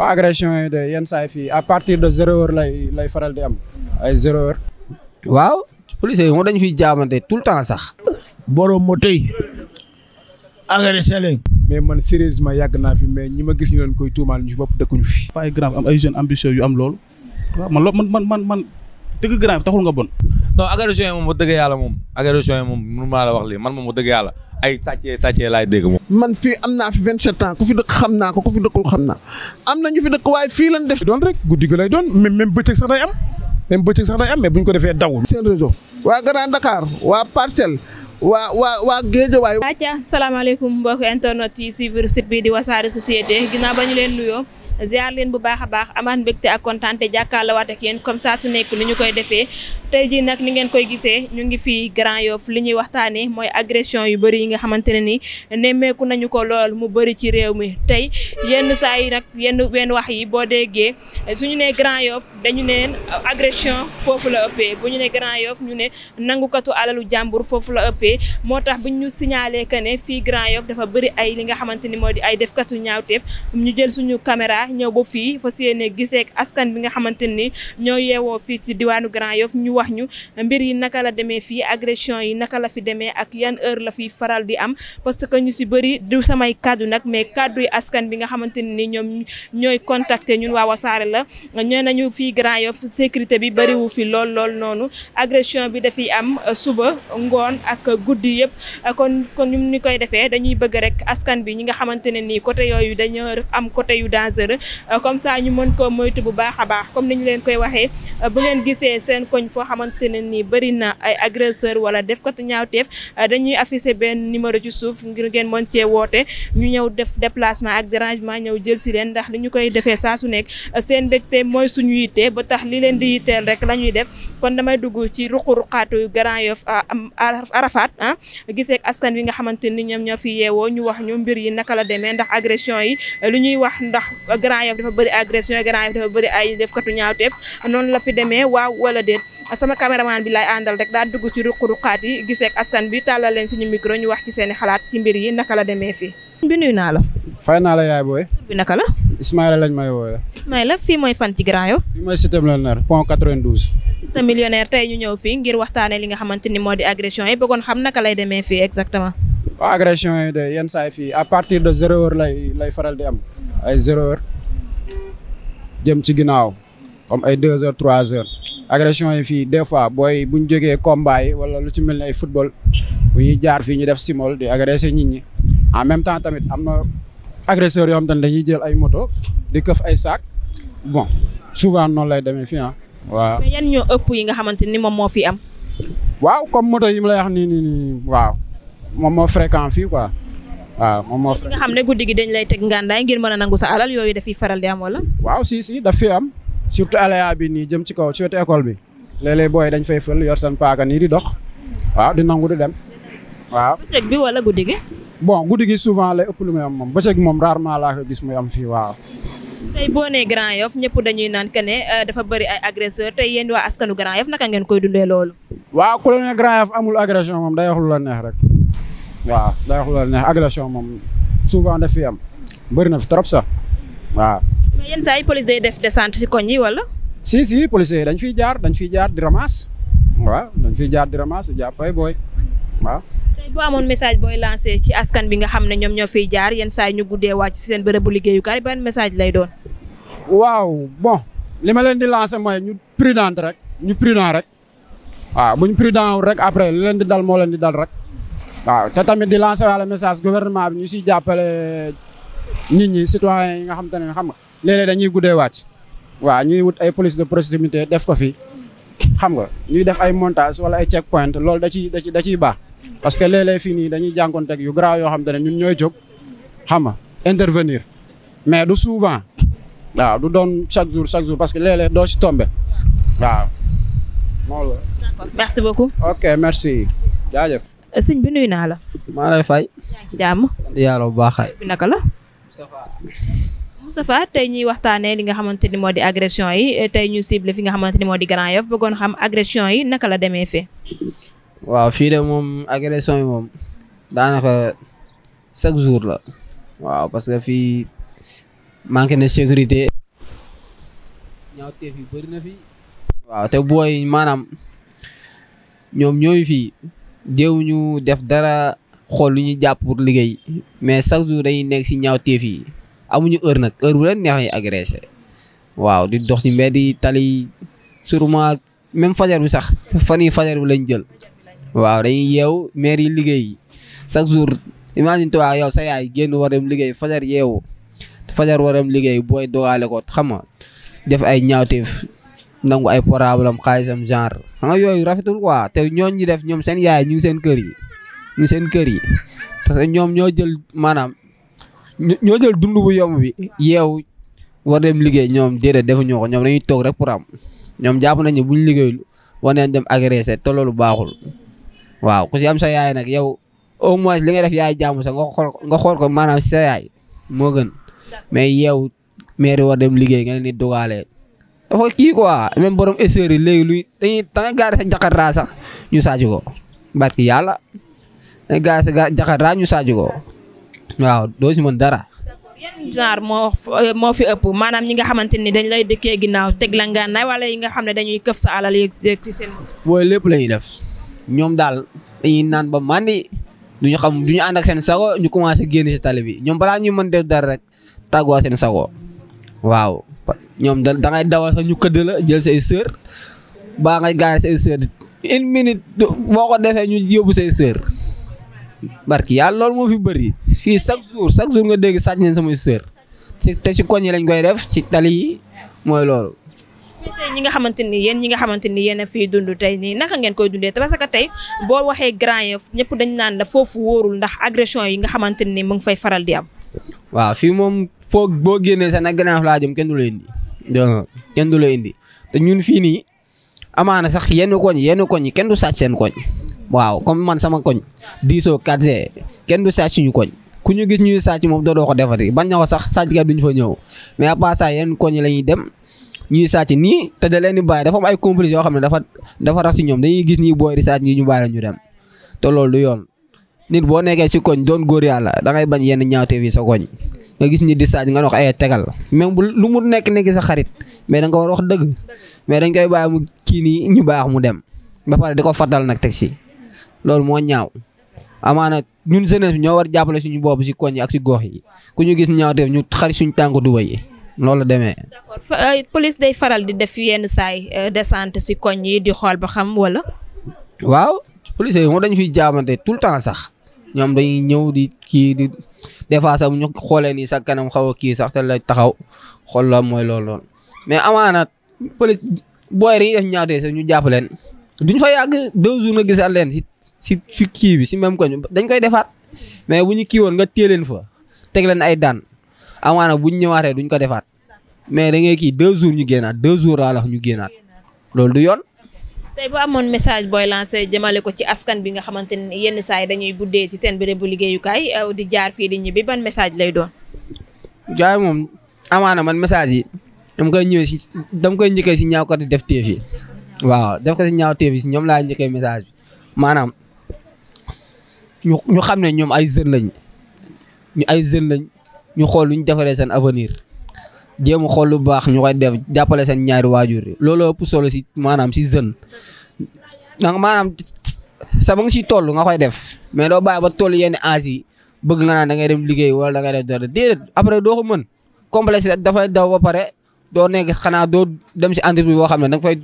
waaw agression yi de yenn saa fi fii à partir de zéro heure lay lay faral di am ay zéro heure. waaw police yi moom dañu fiy jaamante tout le temps sax. borom moo tey agressé leen. mais man sérieusement yàgg naa fi mais ñi ma gis ñu leen koy tuumaal ñu bopp dëkkuñu fi. pas grave am ay jeunes ambitieux yu am loolu man man man. dëgg Grand Yoff taxul nga bon. non agression moom bu dëgg yàlla moom agression yi moom nu ma la wax lii man moom bu dëgg yàlla ay sàccee sàccee laay dégg moom. man fii am naa fi 27 ans ku fi dëkk xam naa ko ku fi dëkkul xam naa am na ñu fi dëkk waaye fii lañ def. doon rek guddi gi lay doon même même bëccëg sax day am même bu ñu ko defee daw. seen réseau waa Grand Dakar waa Parcelles waa waa waa Géejawaay. acca salaamaaleykum mbokki internet yi suivre site bi di wasaare leen nuyoo. ziar leen bu baax a baax amaat mbégte ak kontaan te jàkkaarloowaat ak yéen comme ça su nekk ni ñu koy defee tey jii nag ni ngeen koy gisee ñu ngi fii Grand Yoff li ñuy waxtaanee mooy agression yu bëri yi nga xamante ne ni nemmeeku nañu ko lool mu bëri ci réew mi tey yenn saa yi nag yenn wenn wax yi boo déggee suñu nee Grand Yoff dañu neen agression foofu la ëppee bu ñu ne Grand Yoff ñu ne nangukatu alalu jàmbur foofu la ëppee moo tax bu ñu signalé que ne fii Grand Yoff dafa bëri ay li nga xamante ni moo di ay defkatu ñaawteef ñu jël suñu caméra ñëw ba fii fa séene gisee ak askan bi nga xamante ni ñoo yeewoo fii ci diwaanu Grand Yoff ñu wax ñu mbir yi naka la demee fii agression yi naka la fi demee ak yan heure la fi faral di am parce que ñu si bëri du samay kaddu nag mais kaddu yi askan bi nga xamante ni ñoom ñooy contacter ñun waa Wassare la ñoo nañu fii Grand Yoff sécurité bi bëriwu fi lool lool noonu agression bi dafiy am suba ngoon ak guddi yëpp kon kon ñu koy defee dañuy bëgg rek askan Euh, comme ça ñu mën koo moytu bu baax a baax comme ni ñu leen koy waxee euh, bu ngeen gisee seen koñ foo xamante ne nii bëri na ay agresseur wala def ko ñaawteef euh, dañuy afficher benn numéro ci suuf ngir ngeen mën cee woote ñu ñëw def déplacement ak dérangement ñëw jël si leen ndax li koy defee saa su nekk seen mbégte mooy suñu yitte ba tax li leen di yitteel rek la def kon damay dugg ci ruqu-ruqaatu Grand Yoff Arafat ah gisee askan wi nga xamante ni ñoom ñoo fi yeewoo ñu wax ñu mbir yi naka la demee ndax agression yi li ñuy wax ndax Grand Yoff dafa bëri agression Grand Yoff dafa bëri ay defkatu ñaawteef noonu la fi demee waaw wala déet sama caméraman bi lay àndal rek daal dugg ci ruq-ruqaat yi gisee askan bi tàllal suñu micro ñu wax ci seeni xalaat ci mbir yi naka la demee fii. bi nuyu naa la. fay naa la yaay booy. bi naka la. Ismaïla lañ may wooyee. Ismaïla fii mooy fan ci Grand Yoff. fii mooy cité tey ñu ñëw fii ngir waxtaanee li nga xamante ni moo di agression yi bëggoon xam naka lay demee fii exactement. waaw agression yi de yenn jëm ci ginnaaw comme ay deux heures trois heures agression yi fii des fois booy bu ñu jógee combat wala lu ci mel ni ay football bu ñuy jaar fii ñu def simol di agressé nit ñi en même temps tamit am na agresseurs yoo xam dañuy jël ay moto di këf ay saak bon souvent noonu lay demee fii waa ah. waaw. ñoo ëpp yi nga xamante ni moom moo fi am. waaw comme moto yi mu lay wax nii nii nii waaw moom moo fréquent fii waaw ah, moom moo fi nga xam ne guddi gi dañ lay teg ngàndaay ngir mën a nangu sa alal yooyu dafiy faral di am wala. waaw si si daf fi am surtout alaya bi nii jëm ci kaw ci wetu école bi léeg-léeg booy dañ seen paaka nii di dox waaw di nangu di dem waaw. bëccëg bi wala guddi gi. bon guddi gi souvent lay ëpp lu mu am moom bëccëg moom rarement laa ko gis muy am fii waaw. tey boo nee Grand Yoff ñëpp dañuy naan que ne euh, dafa bëri ay agresseur tey yéen waa askanu Grand Yoff naka ngeen koy dundee loolu. waaw ku la ne Grand Yoff amul agression moom day waaw day wax loolu neex agression moom souvent daf fi am bëri na fi trop sax waaw. mais yenn saa yi police day def descente si koñ yi wala. si si police yi dañ fiy jaar dañ fiy jaar di ramas waaw dañ fiy jaar di ramas di jàpp ay booy waaw. tey boo booy lancé ci askan bi nga xam ne ñoom ñoo fiy jaar yenn saa yi ñu guddee wàcc si seen bërëbu liggéeyukaay ban message lay doon. waaw bon li ma leen di lancé mooy ñu prudent rek ñu prudent rek waaw bu ñu prudent rek après li leen di dal moo leen di dal rek. waaw te tamit di lancer walla message gouvernement bi ñu siy jàppale eh, nit ñi citoyens yi nga xam te ne xam nga léeg-léeg dañuy guddee waat waaw ñuy wut ay police de proximité def ko fi xam nga ñuy def ay montage wala ay check point loolu da ciy da ciy da ciy baax parce que léeg-léeg fii nii dañuy jànkoonteeg yu grave yoo xam te ne ñun ñooy jóg xam nga intervenir mais du souvent waaw du doon chaque jour chaque jour parce que léeg-léeg doo ci tombé waaw. d'accord merci beaucoup. ok merci jaajëf. a sëñ bi nuyu naa la. maa lay fay. jàmm. sant bu baax naka la. Moustapha tey ñuy waxtaanee li nga xamante ni moo di agression yi tey ñu cible fi nga xamante ni moo di Grand Yoff bëggoon xam agression yi naka la demee fee. waaw fii de moom agression yi moom daanaka chaque jour la. waaw parce que fii manque na sécurité. ñaaw teef yi bëri fi. waaw te booy maanaam ñoom ñooy fii. déewuñu def dara xool lu ñuy jàpp pour liggéey mais chaque jour dañuy nekk si ñaaw ñaawteef yi amuñu heure nag heure bu leen neex yi agressé waaw di dox si mbedd di tali sûrement même fajar bi sax fan yi fajar bi lañ jël waaw dañuy yeewu maire yi liggéey yi chaque jour imagine toi yow sa yaay génn war dem liggéey fajar yeewu fajar war dem liggéey booy dogaale ko xam def ay ñaawteef nangu ay portable am xaalisam genre xam nga yooyu rafetul quoi te ñooñ ñi def ñoom seen yaay ñu ngi seen kër yi ñu seen kër yi parce que ñoom ñoo jël maanaam ñoo jël dund bu yomb bi yeew war dem liggéey ñoom déedéet defuñu ko ñoom dañuy toog rek pour am ñoom jàpp nañu buñ liggéeyul war nañ dem agressé te loolu baaxul waaw ku si am sa yaay nag yow au moins li nga def yaay jàmm sa nga xool nga xool ko maanaam si sa yaay moo gën mais yow mairie war dem liggéey nga leen di dafa kii quoi même borom esseur yi léegi luy dañuy da ngay gaare sa jaxaraa sax ñu sàcc ko barki yàlla da ngay gaare sa jaxaraa ñu sàcc ko waaw doo si mën dara. yan genre moo moo fi ëpp maanaam ñi nga xamante ni dañ lay dëkkee ginnaaw teg la nga nay wala yi nga xam ne dañuy këf sa alal yeeg ci seen. booy lépp la def ñoom daal naan ba màndi duñu xam duñu ànd ak seen sago ñu commencé génn si bi ñoom balaa ñuy mën def dara rek tàgguwaat seen sago waaw. ñoom da ngay dawal sax ñu këdd la jël say sër baa ngay gaare say sër une minute boo ko defee ñu yóbbu say sër barki yàlla loolu moo fi bëri fii chaque jour chaque jour nga dégg sàcc nañ samay sër ci te ci koñ yi lañ koy def ci tali yi mooy loolu. tey ñi nga xamante ni yéen ñi nga xamante ni yéen a fiy dund tey nii naka ngeen koy dundee parce que tey boo waxee Grand Yoff ñëpp dañ naan la foofu wóorul ndax agression yi nga xamante ni mu ngi fay faral di am. waaw fii moom foo boo génnee sax nag Grand laa jëm kenn du leen kenn du la indi te ñun fii nii amaana sax yenn koñ yenn koñ yi kenn du sàcc seen koñ waaw comme man sama koñ diisoo 4G kenn du sàcc ñu koñ ku ñu gis ñuy sàcc moom doo doodoo ko defati bañ na ko sax du ñu fa ñëw mais à part yenn koñ la ñuy dem ñuy sàcc nii te da leen di bàyyi dafa am ay complices yoo xam ne dafa dafa rax si ñoom dañuy gis ñi booy di ñi ñu bàyyi la ñu dem te lool du yoon nit boo nekkee si koñ doon góor yàlla da ngay bañ yenn ñaawteef yi koñ nga gis ñi di saaj nga wax ay eh, tegal même bu lu mu nekk nekk sa xarit mais da nga war wax dëgg mais dañ koy bàyyi mu kii nii ñu baax mu dem ba pare di ko fatal nag teg si loolu moo ñaaw. amaana ñun jeunesse bi ñoo war jàppale suñu bopp si koñ yi ak si gox yi ku ñu gis ñaaw teef ñu xari suñu tànk duba yi loolu la demee. d'accord euh, day faral di def yenn saay euh, descente si koñ yi di xool ba xam wala. waaw police yi moom dañu fiy jaamante tout le temps sax ñoom dañuy ñëw di kii di des fois sax ñu xoolee nii sa kanam xaw a kii sax te la taxaw xool la mooy lool loolu mais amaana pël booy dañuy def ñaatee sax ñu jàpp leen duñ fa yàgg deux jours nga gisaat leen si si si kii bi si même ko dañ koy defaat mais bu ñu kii woon nga téye leen fa teg leen ay daan amaana buñ ñëwaatee duñ ko defaat mais da ngay kii deux jour ñu génnaat deux jours laa ñu génnaat loolu du yoon. tey bu amoon message booy lancé jëmale ko ci askan bi nga xamante ne yenn saa yi dañuy guddee ci seen bérébu liggéeyukaay euh, di jaar fii di ñibbi ban message lay doon. jaay moom amaana man message yi dama koy ñëwee si dama koy njëkkee si ñaaw kat def téef yi waaw def ko si ñaaw téef ñoom laa njëkkee message bi maanaam ñu xam ne ñoom ay jeunes lañ ñu ay jeunes lañ ñu xool lu ñu defaree seen avenir. jéem a xool lu baax ñu koy def jàppale seen ñaari waajur yi loolu ëpp solo si maanaam si jeune donc maanaam sa ba nga si toll nga koy def mais doo bàyyi ba toll yenn âge yi bëgg nga naan da ngay dem liggéey walla da ngay def dara déedéet doo ko mën complexe dafay daw ba pare doo nekk xanaa doo dem si entreprise boo xam ne da nga fay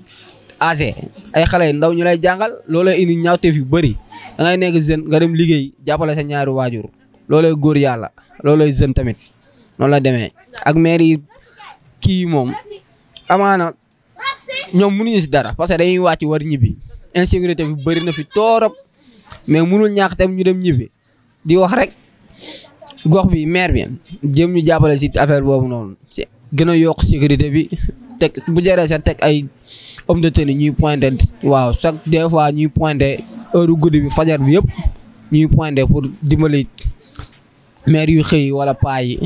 âgé ay xale ndaw ñu lay jàngal loolu indi ñaawteef yu bëri da ngay nekk jeune nga dem liggéey jàppale sa ñaari waajur loolay góor yàlla loolay jeune tamit noonu kii moom amaana ñoom mënuñu si dara parce que dañuy wàcc war ñibbi insécurité bi bëri na fi toorop mais mënul ñàkk tam ñu dem ñibbi di wax rek gox bi maire bi jëm ñu jàppale si affaire boobu noonu si gën a yokk sécurité bi teg bu jëree sa teg ay homme de tenue ñuy pointé waaw chaque des fois ñuy pointé heure guddi bi fajar bi yëpp ñuy pointé pour dimbali maire yu xëy wala paa yi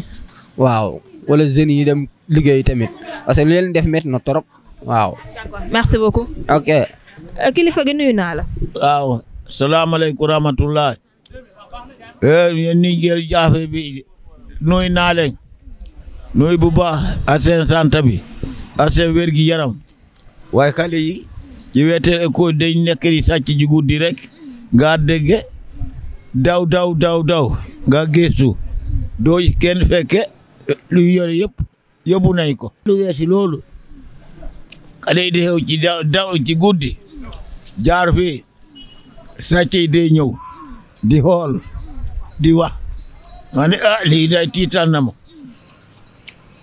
waaw wala jeunes dem. liggéey tamit parce que li leen def métti na trop waaw. d'accord ok. Euh, kilifa gi nuyu naa la. waaw salaamaaleykum rahmatulah. Eh, yéen ñi jël jaafe bi nuyu naa leen. nuyu bu baax bi ak seen gi yaram waaye xale yi ci weete école dañ nekk di sàcc ji guddi rek nga dégg daw daw daw daw nga gëstu doo kenn fekke lu yore yëpp yóbbu nañ ko. lu weesi loolu. xale yi di xew ci daw ci guddi. jaar fii. sàcc yi day ñëw. di xool di wax. ma ne ah lii day tiitaan na ma.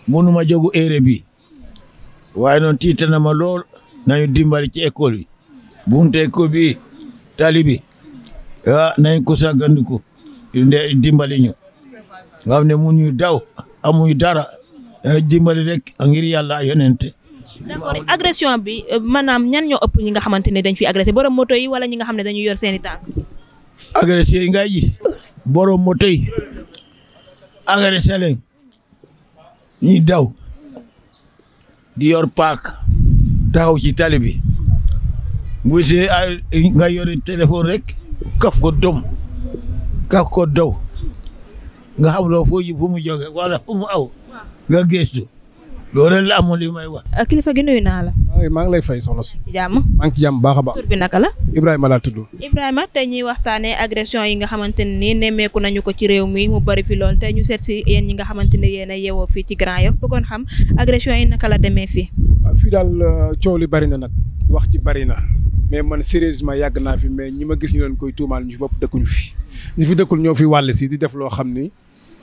munuma jogu ere bi. waaye noon tiitaan na ma lool. nañu dimbali ci école bi. bunte école bi tali bi. ah nañ ko sàggandiku. dimbali ñu. nga ne mu daw amuñu dara. Eh, dimbali rek ngir yàlla yonente d'accord agression bi eh, maanaam ñan ñoo ëpp ñi nga xamante ne dañ fi agressé borom moto yi wala ñi xam ne dañuy yor seeni tànk. agressé yi ngay gis borom moto yi paak taxaw ci tali bi bu see ah, nga yore téléphone rek kaf ko kaf ko daw nga xam loo ji fu mu jóge wala fu mu aw. nga gi loolu la amoon li may wax. Ah, kilifa gi nuyu naa la. maa ngi lay fay soxna si. jàmm maa ngi ci jàmm baax a baax. tur bi naka la. Ibrahima laa tudd. Ibrahima tey ñuy waxtaanee agression yi nga xamante ne nii nemmeeku nañu ko ci réew mi mu bari fi lool tey ñu seet si yéen ñi nga xamante ne yéen a yeewoo fii ci Grand Yoff bëggoon xam agression yi naka la demee fi ah, fii daal euh, coow li bari na nag wax ji bari na mais man sérieusement yàgg naa fi mais ñi ma gis ñu leen koy tuumaal ñu fi bopp dëkkuñu fi ñi fi dëkkul ñoo fi wàll si di def loo xam ni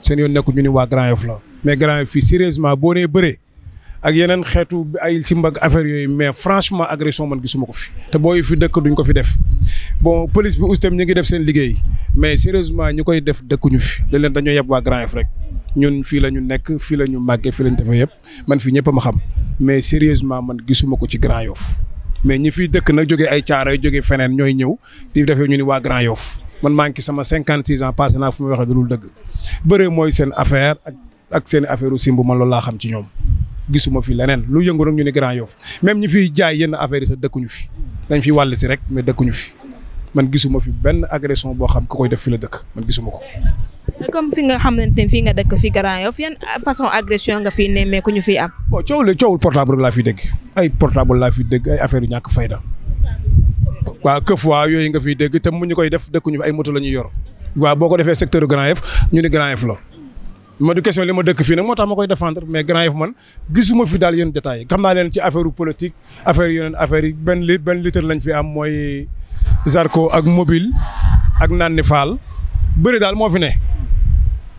seen yoon nekkul ñu ni waa Grand Yoff mais grand fii sérieusement boo nee bëree ak yeneen xeetu ay ci mbag affaire yooyu mais franchement agression man gisuma ko fi. te booy fi dëkk duñ ko fi def bon police bi itam ñu ngi def seen liggéey mais sérieusement ñu koy def dëkkuñu fi leen dañoo yeb waa grand rek ñun fii la ñu nekk fii la ñu màggee fii la ñu yëpp man fii ñëpp ma xam mais sérieusement man gisuma ko ci Grand Yoff mais ñi fiy dëkk na jóge ay caaray jógee feneen ñooy ñëw di defee ñu ni waa Grand Yoff man maa ngi ci sama 56 passé naa fu ma waxee dulul dëgg bëree mooy seen affaire ak ak seen affaire simb man loolu laa xam ci ñoom gisuma fi leneen lu yëngu nag ñu ne Grand Yoff même ñu fiy jaay yenn affaire yi sax dëkkuñu fi dañ fi wàll si rek mais dëkkuñu fi man gisuma fi benn agression boo xam ku koy def fi la dëkk man gisuma ko. comme fi nga xamante ne fii nga dëkk fi Grand Yoff yan façon agression nga fi nemmeeku ñu fi am. bon coow la coowul portable laa fi dégg ay portable laa fi dégg ay affaire yu ñàkk fayda waaw këf waa yooyu nga fiy dégg te mu ñu koy def dëkkuñu fi ay moto la ñuy yor waaw boo ko defee secteur Grand Yoff ñu ne Grand Yoff la. ma du question li ma dëkk fii nag moo tax ma koy défendre mais grand yëf man gisuma fi daal yenn détails xam naa leen ci affaire politique affaire yeneen affaire yi benn li benn litre lañ fi am mooy Zarko ak mobile ak Nandi Fall bëri daal moo fi ne.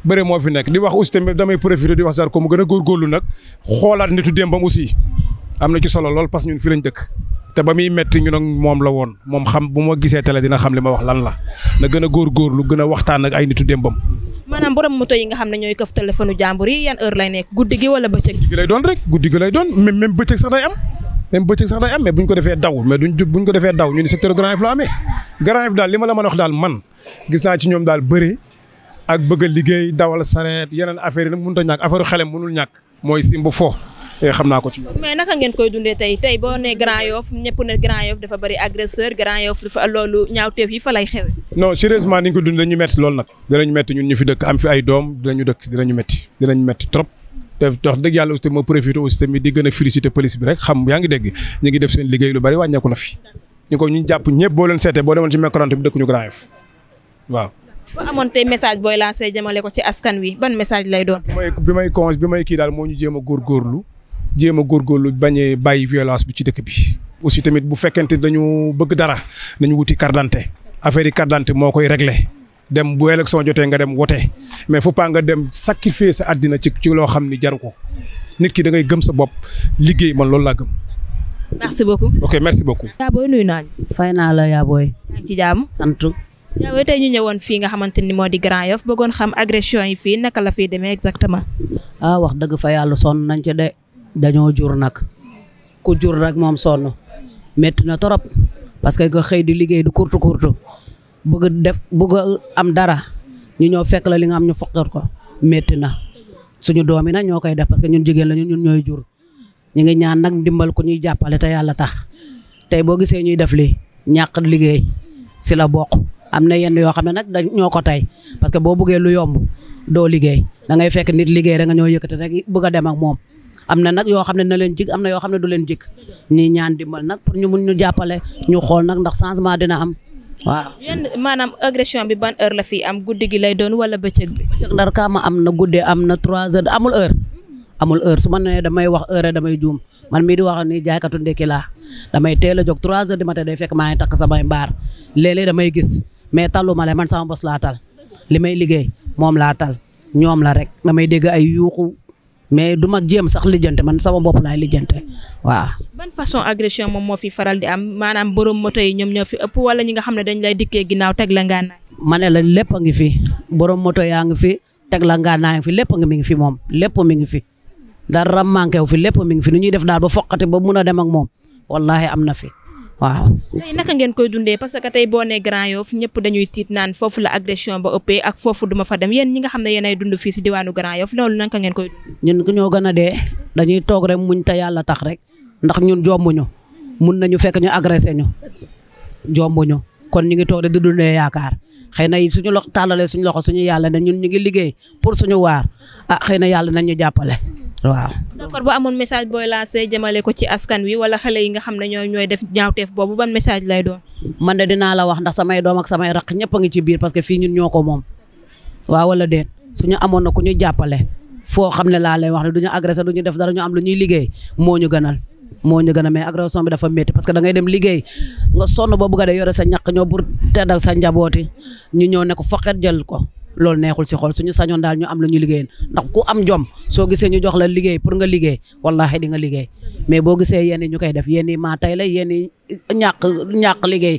bëri moo fi nekk di wax aussi tamit damay profité di wax Zarko mu gën a góorgóorlu nag xoolaat nitu démbam aussi am na ci solo lool parce que ñun fii lañ dëkk. te ba muy metti ñu nag moom la woon moom xam bu ma gisee télé dina xam li ma wax lan la na gën a góorgóorlu gën a waxtaan ak ay nitu démbam. maanaam borom moto yi nga xam ne ñooy këf téléphone jàmbur yi yan heure lay nekk guddi gi wala bëccëg. guddi gi lay doon rek guddi gi lay doon même même bëccëg sax day am même bëccëg ko defee daw mais duñ bu ñu ko defee daw ñu ni secteur Grand Yoff la amee Grand Yoff daal li ma la mën wax daal man gis naa ci ñoom daal bëri ak bëgg a liggéey dawal sareet yeneen affaire yi nag mënut a ñàkk affaire xale mënul ñàkk mooy simb fo Eh, xam naa ko ci mais naka ngeen koy dundee tey tey boo ne Grand Yoff ñëpp ne Grand Yoff dafa bari agresseur Grand Yoff dafa loolu ñaawteef yi fa lay xewe non sérieusement ni ñu ko dund dañu metti loolu nag dinañu metti ñun ñu fi dëkk am fi ay doom dinañu dëkk dinañu metti dinañu metti trop te wax dëgg yàlla aussi ma profité aussi tamit di gën a féliciter police bi def seen liggéey lu bari wàññeeku na fi ñu ko ñu jàpp ñëpp boo leen seetee boo demoon ci mécorante bi dëkk ñu Grand Yoff boo amoon tey message booy lancé jëmale ko ci askan wi ban message lay doon. bi may kii daal moo ñu jéem a góorgóorlu jéem a góorgóorlu bañee bàyyi violence bi ci dëkk bi. aussi tamit bu fekkente dañu bëgg dara nañu wuti carte d'identité affaire moo koy réglé dem bu élection jotee nga dem wote mais faut pas nga dem sacrifier sa àddina ci loo xam ni jaru ko nit ki da ngay gëm sa bopp liggéey man loolu laa gëm. merci beaucoup ok merci beaucoup. yaa booy nuyu naa fay naa la yaa booy. ci ñu ñëwoon fii nga xamante ni moo di Grand Yoff bëggoon xam agression yi fii naka la fiy demee exactement. ah wax dëgg fa yàlla dañoo jur nag ku jur nag moom sonn métti na torop parce que nga xëy di liggéey du kurtu kurtu bëgg def bëgg am dara ñu ñëw fekk la li nga am ñu foqat ko métti na suñu doom yi nag ñoo koy def parce que ñun jigéen la ñun ñooy jur ñu ngi ñaan nag ndimbal ku ñuy jàppale te yàlla tax tey boo gisee ñuy def lii ñàq liggéey si la bokk am na yenn yoo xam ne nag dañ ñoo ko tey parce que boo bëggee lu yomb doo liggéey da ngay fekk nit liggéey rek nga ñoo yëkkati rek bëgg a dem ak moom. am na nag yoo xam ne na leen jig am na yoo xam ne du leen jig ñi ñaan dimbal nag pour ñu mun ñu jàppale ñu xool nag ndax changement dina am waaw. yéen maanaam agression bi ban heure la fi am guddi gi lay doon wala bëccëg bi. bëccëg ndar kaama am na guddee am na trois heures amul heure. amul heure su ma nee damay wax heure damay juum man mii di wax ni jaaykatu ndekki laa damay teel a jóg trois heures du day fekk maa ngi takk samay mbaar léeg-léeg damay gis mais tallu ma man sama bos laa tal li may liggéey moom laa tal ñoom la rek damay dégg ay yuuxu mais du ma jéem sax lijjante man sama bopp laay lijjante waaw. ban façon agression moom moo fi faral di am maanaam borom moto yi ñoom ñoo fi ëpp wala ñi nga xam ne dañ lay dikkee ginnaaw teg la ngaanaay. ma la lépp a ngi fi borom moto yaa ngi fi teg la fi lépp mi ngi fi moom lépp mi ngi fi dara manqué wu fi lépp mi ngi fi nu ñuy def daal ba foqati ba mun a dem ak moom wallaahi am na fi. waaw. tey naka ngeen koy dundee parce que tey boo nee Grand Yoff ñëpp dañuy tiit naan foofu la agression ba ëppee ak foofu duma fa dem yéen ñi nga xam ne yéenay dund fii si diwaanu Grand Yoff loolu naka ngeen koy dund. ñun ku ñoo gën a dee dañuy toog rek muñ te yàlla tax rek ndax ñun jombuñu mun na ñu fekk ñu agressé ñu jombuñu kon ñu ngi toog de di dundee yaakaar xëy na suñu loxo tàllalee suñu loxo suñu yàlla ne ñun ñu ngi liggéey pour suñu waar ah xëy na yàlla nañ ñu jàppale waaw. d'accord bu amoon message booy lancé jëmale ko ci askan wi wala xale yi xam ne ñooy ñooy def ñaawteef boobu ban message lay doon. man de dinaa la wax ndax samay doom ak samay raq ñëpp a ngi ci biir parce que fii ñun ñoo ko moom waaw wala déet suñu amoon na ku ñu jàppale foo xam ne laa lay wax ne du ñu agressé du ñu def dara ñu am lu ñuy liggéey moo ñu gënal moo ñu gën a mais bi dafa métti parce que da ngay dem liggéey nga sonn ba bëgg a dee yore sa ñàkk ñoo pour teddal sa njabooti ñu ñëw ne ko foqet jël ko loolu neexul si xol ñu sañoon daal ñu am lu ñu liggéeyal ndax ku am jom soo gisee ñu jox la liggéey pour nga liggéey wallahi di nga liggéey mais boo gisee yenn ñu koy def yenn maa tey la yenn ñàkk ñàkk liggéey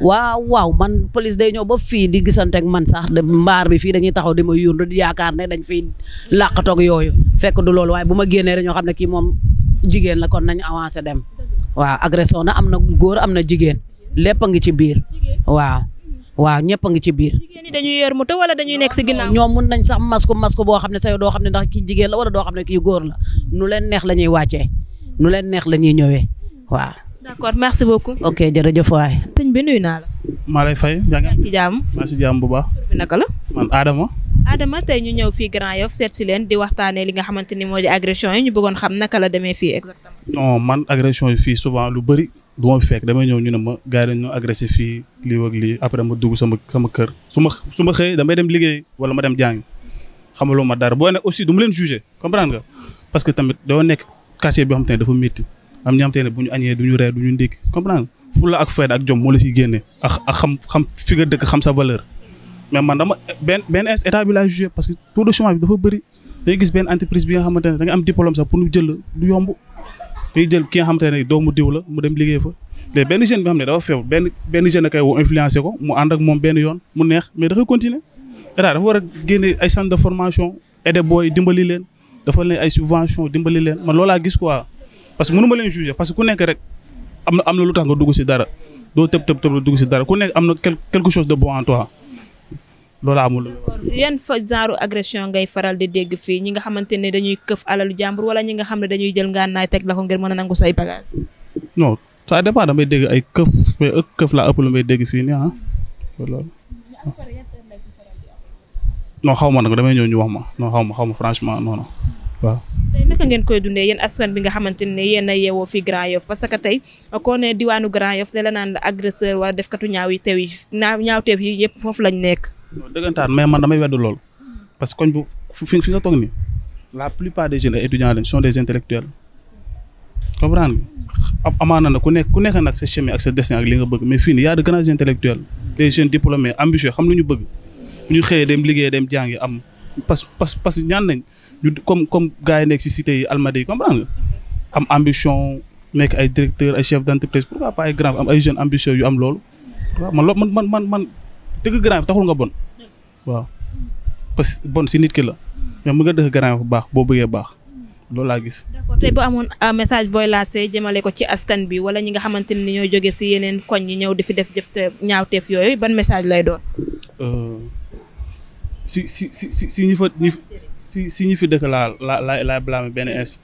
waaw waaw man police day ñëw ba fii di gisanteek man sax de mbaar bi fii dañuy taxaw di ma yóndu di yaakaar ne dañ fiy làqatoog yooyu fekk du loolu waaye bu ma génnee rek ñoo xam ne kii moom jigéen la kon nañ avancé dem waaw agression na am na góor am na jigéen lépp a ngi ci biir waaw waaw ñëpp ngi ci biir. jigéen ñi dañuy yor moto wala dañuy nekk si ginnaaw. ñoom mun nañ sax masku masku boo xam ne sa doo xam ne ndax kii jigéen la wala doo xam ne kii góor la mm. nu leen neex la ñuy wàccee nu leen neex la ñuy ñëwee mm. waaw. d'accord merci beaucoup. ok jërëjëf waay. sëñ bi nuyu naa maa lay fay. yaa ngi ci jàmm maa si jàmm bu baax. tur bi naka la. man Adama. Adama tey ñu ñëw fii Grand Yoff seet si leen di waxtaanee li nga xamante ni moo di agression yi ñu bëggoon xam naka la demee fii exactement. non man agression yi fii souvent lu bëri du ma fekk damay ñëw ñu ne ma gars yi dañ ñoo agressé fii lii ak lii après ma dugg sama sama kër su ma su ma xëyee damay dem liggéey wala ma dem jàng xamaloo ma dara boo ne aussi du ma leen jugé comprendre nga parce que tamit doo nekk quartier bi dafa métti am ñoo xamante ne añee du reer du ñu ndékki comprendre fulla ak fayda ak jom moo la siy génne ak xam xam dëkk xam sa valeur mais man dama benn benn bi laay jugé parce da nga am diplôme sax pour ñu jël du yomb dañuy jël ki nga ne doomu diw mu dem liggéey fa mais benn jeune bi xam ne dafa feew benn jeune kay woo influencé ko mu ànd ak moom benn yoon mu neex mais dafay continuer état dafa war a génne ay centre de formation aider dimbali leen dafa leen parce que mënu ma leen juger parce que ku nekk rek am na am na lu tax nga dugg si dara doo tëb tëb tëb dugg si dara ku nekk am na quelque chose de bon en toi loolu amul. yan fa genre agression ngay faral di dégg fii ñi nga xamante ne dañuy këf alalu jàmbur wala ñi nga xam ne dañuy jël ngànnaay teg la ko ngir mën a nangu say bagage. non ça damay dégg ay këf mais ëpp këf laa ëpp lu may dégg fii nii ah loolu. xaw ma nag damay ñëw ñu wax ma non xaw ma xaw ma franchement non waaw. tey naka ngeen koy dundee yéen askan bi nga xamante ne yéen a yeewoo fi Grand Yoff parce que tey koo ne diwaanu Grand Yoff de la naan la agresseur wala defkatu ñaaw yi teew yi naaw ñaawteef yi yëpp foofu lañ nekk. non dëggantaan mais man damay weddu loolu parce que koñ bu fi fi nga toog nii la plupart des jeunes et étudiants des nekk ku nekk nag a jeunes diplômés ambitieux xam lu ñu bëgg ñu xëyee dem liggéey dem jàngi am parce parce parce que ñaan nañ ñu comme comme gars yi nekk si cité yi Almadies yi comprendre nga am ambition nekk ay directeur ay chef d' entreprise pourquoi pas ay grand am ay jeunes ambitieux yu am loolu waaw man loolu man man man man dëgg grand taxul nga bon waaw parce que bon si nit ki la mais mu nga dëgg bu baax boo bëggee baax loolu laa gis. d' amoon euh, message booy lancé jëmale ko ci askan bi wala ñi nga xamante ni ñooy jóge si yeneen koñ yi ñëw di fi def jëf ñaawteef yooyu ban message lay doon. Euh, si si si si si ñi si si ñi fi dëkk laa la la laay blâmer benn ins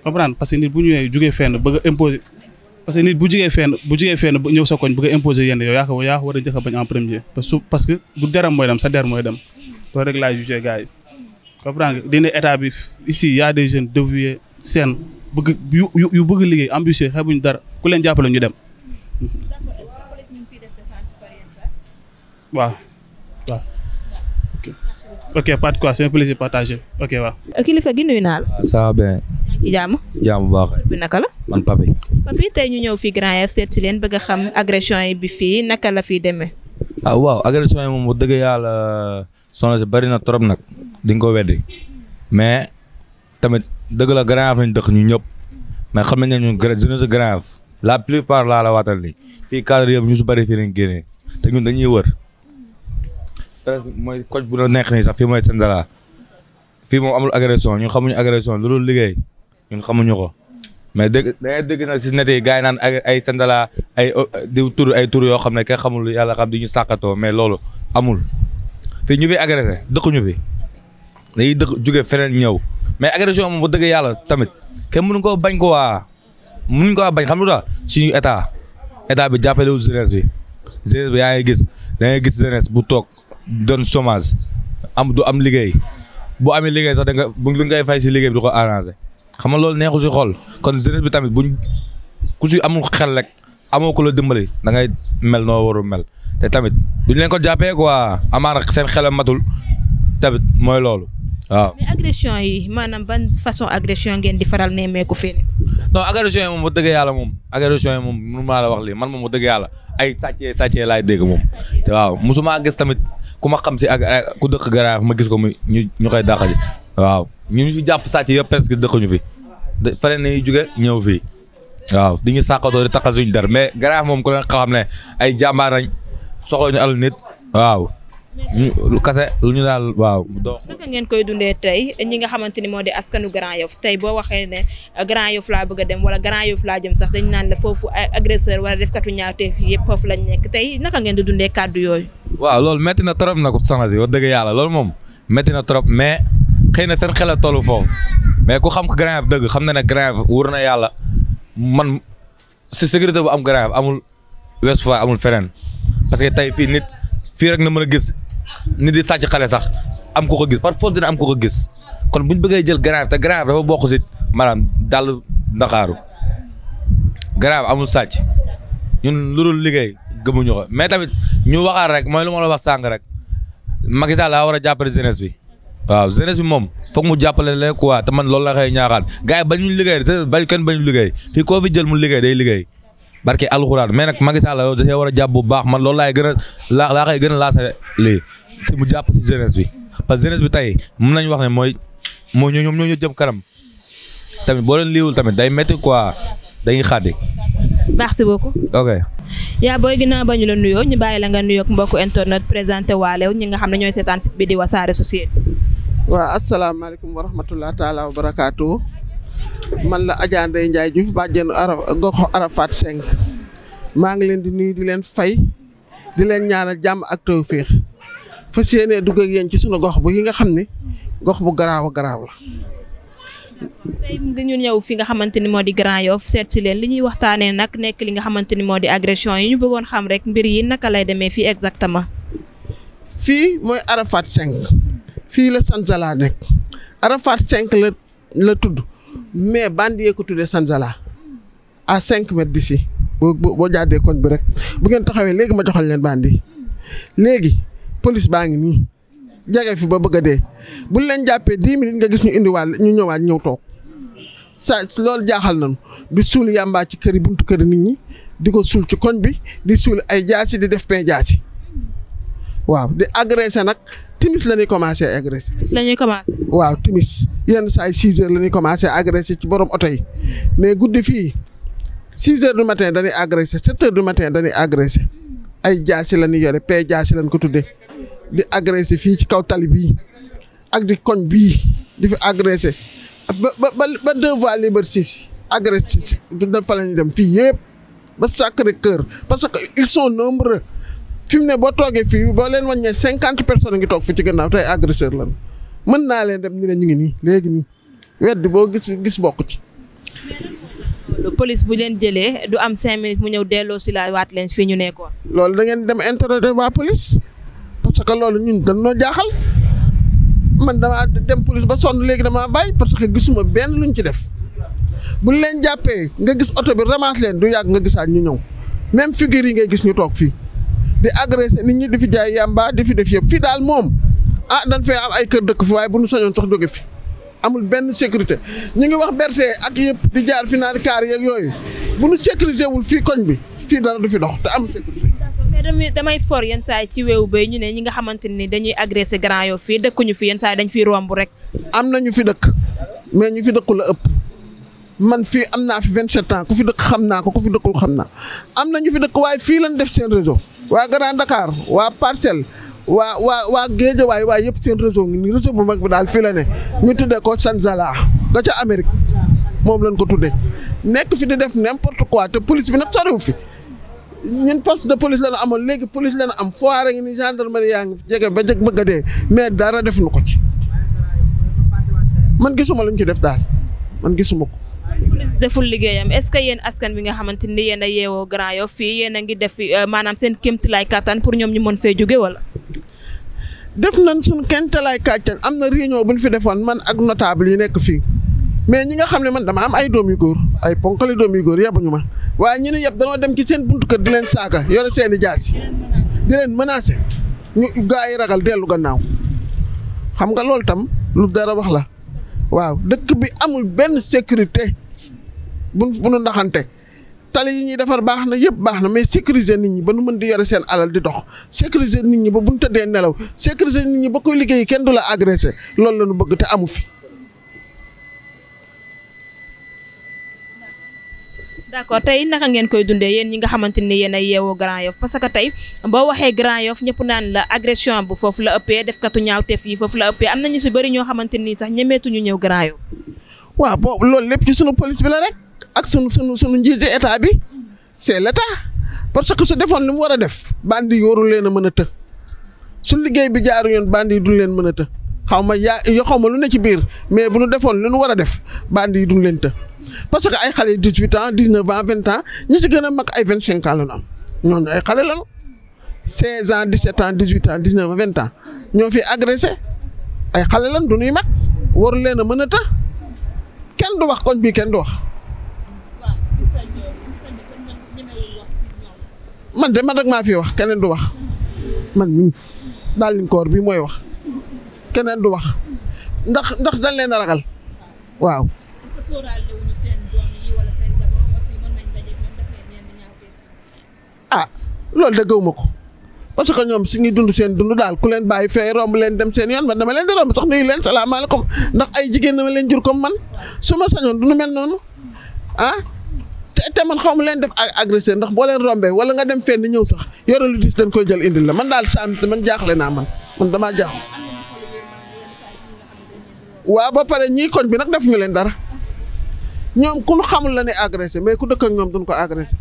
comprendre parce que nit bu ñëwee jugee feen bëgg a imposer parce que nit bu jugee fenn bu jugee fenn ñëw sa koñ bëgg a imposer yenn yow yaa ko yaa ko war en premier parce que bu deram mooy dem sa der mooy dem loolu rek laay jugee gars yi comprendre nga dina état bi ici y a des jeunes dévoués seen bëgg yu yu bëgg liggéey ambitieux xeebuñ dara ku leen jàppale ñu dem waaw ok pas de quoi c'est un plaisir partagé ok waaw. Euh, kilifa gi naa la. waaw ah, ça va bien. ci jàmm. jàmm bi naka la. man Papi. Papi tey ñu ñëw fii Grand Yoff seet si leen bëgg xam agression yi bi fii naka la fii demee. ah waaw agression yi moom bu dëgg yàlla soxna si bari na trop nag di nga ko weddi mais tamit dëgg la Grand Yoff lañ dëkk ñu ñëpp mais xam nañ ne ñun jeunesse Grand Yoff la plupart laa la waatal ni fii cadre yëpp ñu su bari fii lañ génnee te ñun dañuy wër. Euh, mooy coach bu la neex nii sax fi mooy Sanzala fii moom amul agression ñun xamuñu agression lu dul liggéey ñun xamuñu ko mais dëgg da ngay dëgg nag si net yi gars naan ay Sanzala ay oh, di tur ay tur yoo xam ne kenn xamul yàlla xam di ñu sàqatoo mais loolu amul fii ñu fi agressé dëkkuñu fi dañuy dëkk jóge feneen ñëw mais agression moom bu dëgg yàlla tamit kenn mënu ko bañ ko waa mënuñ ko bañ xam lu tax suñu état état bi jàppale wu jeunesse bi jeunesse bi yaa ngi gis da ngay gis jeunesse bu toog doon chômage am du am liggéey bu amee liggéey sax danga nga bu li ngay fay si liggéey bi du ko arrangé xam nga loolu neexu si xol kon jeunesse bi tamit buñ ku si amul xel rek amoo ko la dimbali da ngay mel noo waru mel te tamit duñ leen ko jàppee quoi amaana seen xelam matul tamit mooy loolu. waaw mais agression yi maanaam ban façon agression ngeen di faral nemmeeku fii. non agression yi moom bu dëgg yàlla moom agression moom mënu maa la wax lii man moom bu dëgg yàlla ay sàccee sàccee laay dégg moom. waaw musuma gis tamit ku ma xam si ak ku dëkk garaaf ma gis ko muy ñu ñu koy dàq waaw ñu ñu si jàpp sàcc yëpp presque dëkkuñu fi feneen nañuy jóge ñëw fii. waaw di ñu sàqatoo di taqal suñu der mais garaaf moom ku leen xam ne ay jàmbaar nañ soxla ñu alal nit waaw. lu kase lu ñu daal waaw. naka ngeen koy dundee tey ñi nga xamante ni moo di askanu Grand Yoff tey boo waxee ne uh, Grand Yoff laa bëgg dem wala Grand Yoff laa jëm sax dañ naan la foofu agresseur wala defkatu ñaawteef yëpp foofu lañ nekk tey naka ngeen di dundee kàddu yooyu. waaw lool métti na trop nag soxna si wax dëgg yàlla loolu moom métti na trop mais xëy na seen xel a toll foofu mais ku xam ko Grand Yoff dëgg xam na ne Grand Yoff wóor na yàlla man si sécurité bu am Grand Yoff amul Ouest Foire amul feneen parce que tey fii fii rek na mën gis. nit di sàcc xale sax am ko ko gis par force dina am ko ko gis kon bu ñu bëggee jël Grand Yoff te Grand Yoff dafa bokk si maanaam dàll Ndakaaru Grand Yoff amul sàcc ñun lu dul liggéey gëmuñu ko mais tamit ñu waxaat rek mooy lu ma la wax sànq rek Macky Sall laa war a jàppale jeunesse bi waaw jeunesse bi moom foog mu jàppale leen quoi te man loolu la xëy ñaaxaan gars yi bañu liggéey bañ kenn bañu liggéey fii koo fi jël mu liggéey day liggéey. barke alxuraan mais nag Macky Sall yow dafay war a jàpp bu baax man loolu laay gën a laa laa koy gën a laasale lii si mu jàpp si jeunesse bi parce que jeunesse bi tey mën nañu wax ne mooy mooy ñoo ñoom ñoo ñu jëm kanam tamit boo leen liiwul tamit day métti quoi dañuy xàddi. merci beaucoup. ok. yaa booy ginnaaw ba ñu la nuyoo ñu bàyyi la nga nuyoog mbokk internet présenté waale ñi nga xam ne ñooy seetaan site bi di wasaare société. waaw asalaamaaleykum wa rahmatulah taalaa wa barakaatu. man la Adja Ndeye Ndiaye Diouf bàjjenu araf goxu Arafat 5 maa ngi leen di nuyu di leen fay di leen ñaaral jàmm ak tawféex fas yéenee dugg ak yéen ci sunu gox bu yi nga xam ni gox bu garaaw a garaaw la. tey ñu ñëw fi nga xamante ni moo di Grand Yoff seet si leen li ñuy waxtaanee nag nekk li nga xamante ni moo di agression yi ñu bëggoon xam rek mbir yi naka lay demee fii exactement. fii mooy Arafat 5 fii la Sanzala nekk Arafat 5 la tudd. mais bandi yee ko tuddee Sanzala à cinq mètres si boo boo jàddee koñ bi rek bu ngeen taxawee léegi ma joxal leen bandi léegi police baa ngi nii jege fi ba bëgg a dee buñ leen jàppee dix minutes nga gis ñu indiwaat ñu ñëwaat ñëw toog sa loolu jaaxal nañu di suul yàmbaa ci kër yi buntu kër nit ñi di ko suul ci koñ bi di suul ay jaasi di def pain jaasi waaw di agressé nag timis la ñuy commencé agressé. la waaw timis yenn saa yi 6 la ñuy commencé agressé ci borom oto yi mais guddi fii 6 heures du matin dañuy agressé 7 heures du matin dañuy agressé ay jaasi la ñuy yore pee jaasi lañ ko tuddee di agressé fii ci kaw tali bii ak di koñ bii di fi agressé ba ba ba deux voies liberté agressé dina fa la ñuy dem fii yëpp ba Sacré-Cœur parce que ils sont nombreux. fi mu ne boo toogee fii boo leen wàññee cinquante personnes ngi toog fi ci gannaaw tey agresseur lan mën naa leen dem ni la ñu ngi nii léegi nii weddi boo gis gis bokk ci. police bu leen jëlee du am cinq minutes mu ñëw delloo si la waat leen fii ñu nekkoon. loolu da ngeen dem interroger waa police parce que loolu ñu ñun dañoo jaaxal man damaa dem police ba sonn léegi damaa bàyyi parce que gisuma benn lu ñu ci def bu leen jàppee nga gis oto bi ramasse leen du yàgg nga gisaat ñu ñëw même figure yi ngay gis ñu toog fii. di agressé nit ñi di fi jaay yàmba di fi def yëpp fii daal moom ah dañ fee am ay kër dëkk fi waaye bu ñu soñoon sox jóge fi amul benn sécurité ñu ngi wax berte ak yëpp di jaar fi naan kaar yeeg yooyu bu ñu sécurité wul fii koñ bi fii dara du fi dox te amul sécurité. mais damay for yenn saa ci weewu bay ñu ne ñi nga xamante ni dañuy agressé Grand Yoff fii dëkkuñu fi yenn saa yi dañ fiy romb rek. am na ñu fi dëkk mais ñu fi dëkku la ëpp man fii am naa fi 27 ans ku fi dëkk xam naa ko ku fi dëkkul xam naa am na ñu fi dëkk waaye fii lañ def seen réseau. waa Grand Dakar waa Parcelles waa waa waa waay waay yëpp seen réseau ngi nii réseau bu mag bi daal fii ne ñu tuddee ko Sanzala nga ca Amérique moom lañ ko tuddee nekk fi di def n'importe quoi te police bi nag soriw fi ñun poste de police la ñu amoon léegi police la am am foire ngi ni gendarmerie yaa ngi jege ba jëg bëgg a dee mais dara defuñu ko ci man gisuma lañu ci def daal man gisuma ko. police deful liggéeyam est-ce nga xamante ni yéen a yeewoo Grand Yoff fii yéen a ngi def euh, maanaam seen kéemtalaay kattan pour ñoom ñu mën fee jóge wala. def nañ suñ kattan am na réunion bu ñu fi defoon man ak notable yi nekk fii mais ñi nga xam ne man dama am ay doom yu góor ay ponkali doom yu góor yebuñu ma waaye ñu ne yëpp danoo dem ci seen buntu kër di leen saaga yore seen i jaasi di leen menacer ñu gaa yi ragal dellu gannaaw xam nga loolu tam lu dara wax la waaw dëkk bi amul benn sécurité. bu bu nu ndaxante tali yi ñuy defar baax na yëpp baax na mais sécuriser nit ñi ba nu mën di yore seen alal di dox sécuriser nit ñi ba bu ñu tëddee nelaw sécuriser nit ñi ba koy liggéey kenn du la agressé loolu la ñu bëgg te amu fi. d'accord tey naka ngeen koy dundee yéen ñi nga xamante ni yéen a yeewoo Grand parce que tey boo waxee Grand Yoff ñëpp naan la agression bu foofu la ëppee defkatu ñaawteef fii foofu la ëppee am na ñu si bëri ñoo xamante ni sax ñemeetuñu ñëw Grand Yoff. waaw boobu loolu lépp ci sunu police bi la rek. ak su sunu sunu njiiti état bi c'est l'état parce que su defoon li mu war a def bandi yorul leen a mën a të su liggéey bi jaaru yoon bandi yi duñ leen mën a të xaw ma yaa yoo xaw ma lu ne ci biir mais bu nu defoon lu nu war a def bandi yi duñ leen të parce que ay xale yu dix huit ans dix neuf ans vingt ans ñu ci gën a mag ay vingt cinq ans la ñu am ay xale lañu seize ans dix sept ans dix huit ans dix neuf ans vingt ans ñoo fi agressé ay xale lañu du ñuy mag waru leen a mën a të kenn du wax koñ bi kenn du wax. man de man rek maa fi wax keneen du wax man mii daal di koor bi mooy wax keneen du wax ndax ndax dañ leen a ragal waaw. ah loolu dëggaw ma ko parce que ñoom su ñuy dund seen dund daal ku leen bàyyi fee romb leen dem seen yoon man dama leen di romb sax nuyu leen salaamaaleykum ndax ay jigéen dama leen jur comme man su ma sañoon du nu mel noonu ah. te man xaw ma leen def agresseur ndax boo leen rombee wala nga dem fenn ñëw sax yore lu dis dañ koy jël indil la man daal saa man jaaxle naa man man damaa jaaxle. waaw ba pare ñii koñ bi nag def ñu leen dara ñoom ku xamul la ne agressé mais ku dëkk ak ñoom duñ ko agressé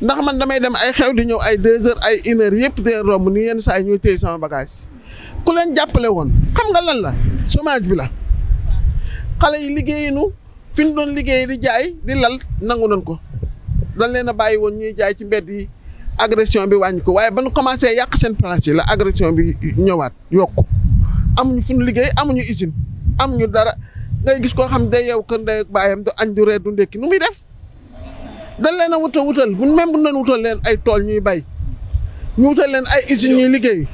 ndax man damay dem ay xew di ñëw ay deux heures ay une heure yëpp di romb ni yenn saa yi ñooy téye sama bagage ku leen jàppale woon xam nga lan la chômage bi la xale yi liggéeyinu fi ñu doon liggéey di jaay di lal nangu nañ ko. dañ leen a bàyyi woon ñuy jaay ci mbedd yi agression bi wàññi ko waaye ba ñu commencé yàq seen place yi la agression bi ñëwaat yokku amuñu fu ñu liggéey amuñu usine amuñu dara ngay gis koo xam day yow kër ndey ak baayam du añ du reer du ndékki nu muy def dañ leen a wuta wutal bu même bu ñu leen wutal leen ay tool ñuy bay ñu wutal leen ay usines ñuy liggéey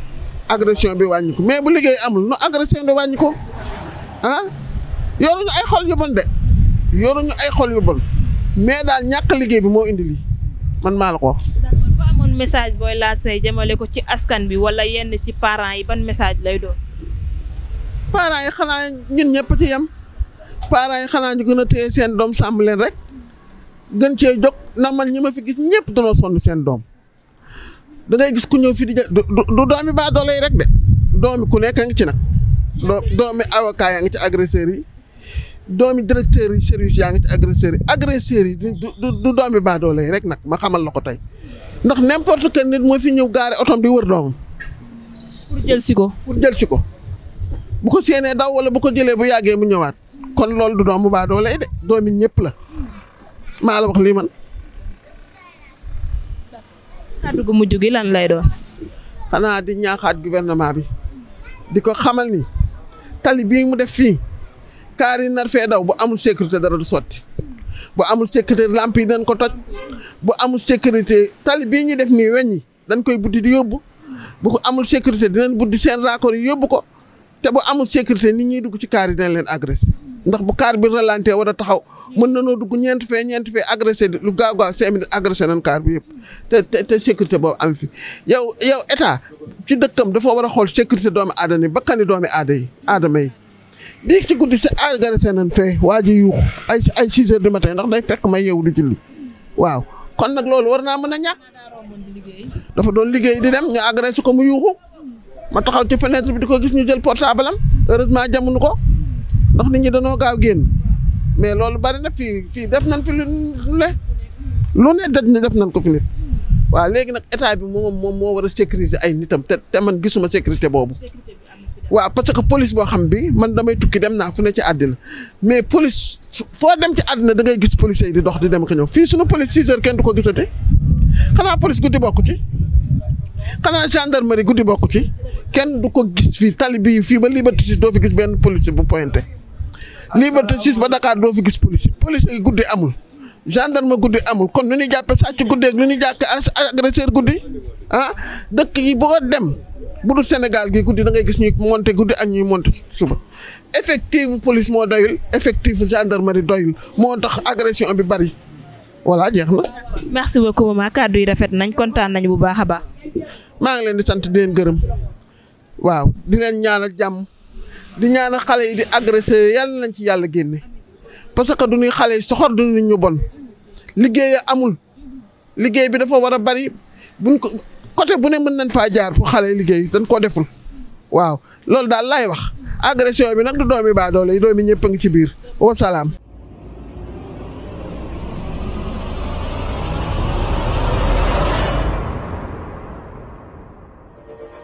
agression bi wàññi ko mais bu liggéey amul nu agression bi wàññi ko ah ay xol yu bon de yoruñu ay xol yu bon mais daal ñàkk liggéey bi moo indi lii man maa ko wax. message booy laa lancé jëmale ko ci askan bi wala yenn ci parent yi ban message lay doon. parents yi xanaa ñun ñëpp ci yem parents yi xanaa ñu gën a téye seen doom sàmm leen rek gën cee jóg ndax ñi ma fi gis ñëpp danoo sonn seen doom dangay gis ku ñëw fi di du du doomi baa doole yi rek de doomi ku nekk a ngi ci nag. doomi avocat yaa ngi ci agresseur yi. doomi directeur yi service yaa ngi ci agresseurs yi agresseurs yi du du doomi baadoole yi rek nag ma xamal la ko tey ndax n'importe quel nit moo fi ñëw gaare otom di wër doomam. pour jël si ko. pour jël si ko bu ko séenee daw wala bu ko jëlee bu yàggee mu ñëwaat kon loolu du doom doomu baadoole yi de doomi ñëpp la maa la wax lii man. kàddu gu mujj gi lan lay doon. xanaa di ñaaxaat gouvernement bi di ko xamal ni tali bii mu def fii. kaar yi nar fee daw bu amul sécurité dara du sotti bu amul sécurité lamp dañ ko toj bu amul sécurité tali bii ñuy def nii weñ yi dañ koy buddi di yóbbu bu ko amul sécurité dinañ buddi seen raccord yi yóbbu ko te bu amul sécurité nit ñuy dugg ci kaar yi leen agressé ndax bu kaar bi ralante war a taxaw mën nanoo dugg ñeenti fee ñeenti fee agressé lu gaaw gaaw cinq minutes agressé nañ kaar bi yëpp te te te boobu am fi yow yow état ci dëkkam dafa war a xool sécurité doomi aadama yi bakkani doomi aada yi aadama yi bii ci guddi si agressé nañ fee waa ji yuux ay ay six heures du matin ndax day fekk ma yeewu di julli waaw kon nag loolu war naa mën a ñàkk dafa doon liggéey di dem ñu agressé ko mu yuuxu ma taxaw ci fenêtre bi di ko gis ñu jël portable am heureusement jamuñu ko ndax nit ñi danoo gaaw génn mais loolu bari na fii fii def nañ fi lu ne lu daj na def nañ ko fi nit waaw léegi nag état bi moom moom moo war a sécuriser ay nitam te te man gisuma sécurité boobu waaw parce que police boo xam bi man damay tukki dem naa fu ne ci àddina mais police foo dem ci àddina da ngay gis policiers yi di dox di dem ko ñëw fii suñu police six heures kenn du ko gisate xanaa police guddi bokku ci xanaa gendarmerie guddi bokk ci kenn du ko gis fii tali bii fii ba Liberté doo fi gis benn policier bu pointé Liberté 6 ba Dakar doo fi gis police policier yi guddi amul. gendarme guddi amul kon lu ñuy jàppe sàcc guddi ak lu ñuy jàppe agresseur guddi ah dëkk yi boo dem bu dul Sénégal gi guddi da ngay gis ñuy monte guddi ak ñuy monte suba effectif police moo doyul effectif gendarmerie doyul moo tax agression bi bari voilà jeex na. merci beaucoup maman kàddu yi rafet nañ kontaan nañu bu baax a baax. maa ngi leen di sant di leen gërëm waaw di leen ñaanal jàmm di ñaanal xale yi di agressé yàlla nañ ci yàlla génne. parce que du ñuy xale soxor du ñu bon liggéey amul liggéey bi dafa war a bari buñ ko côté bu ne mën nañ faa jaar pour xale liggéey dañ koo deful waaw loolu daal laay wax agression bi nag du doomi baadoolo yi doomi ñëpp a ngi ci biir salaam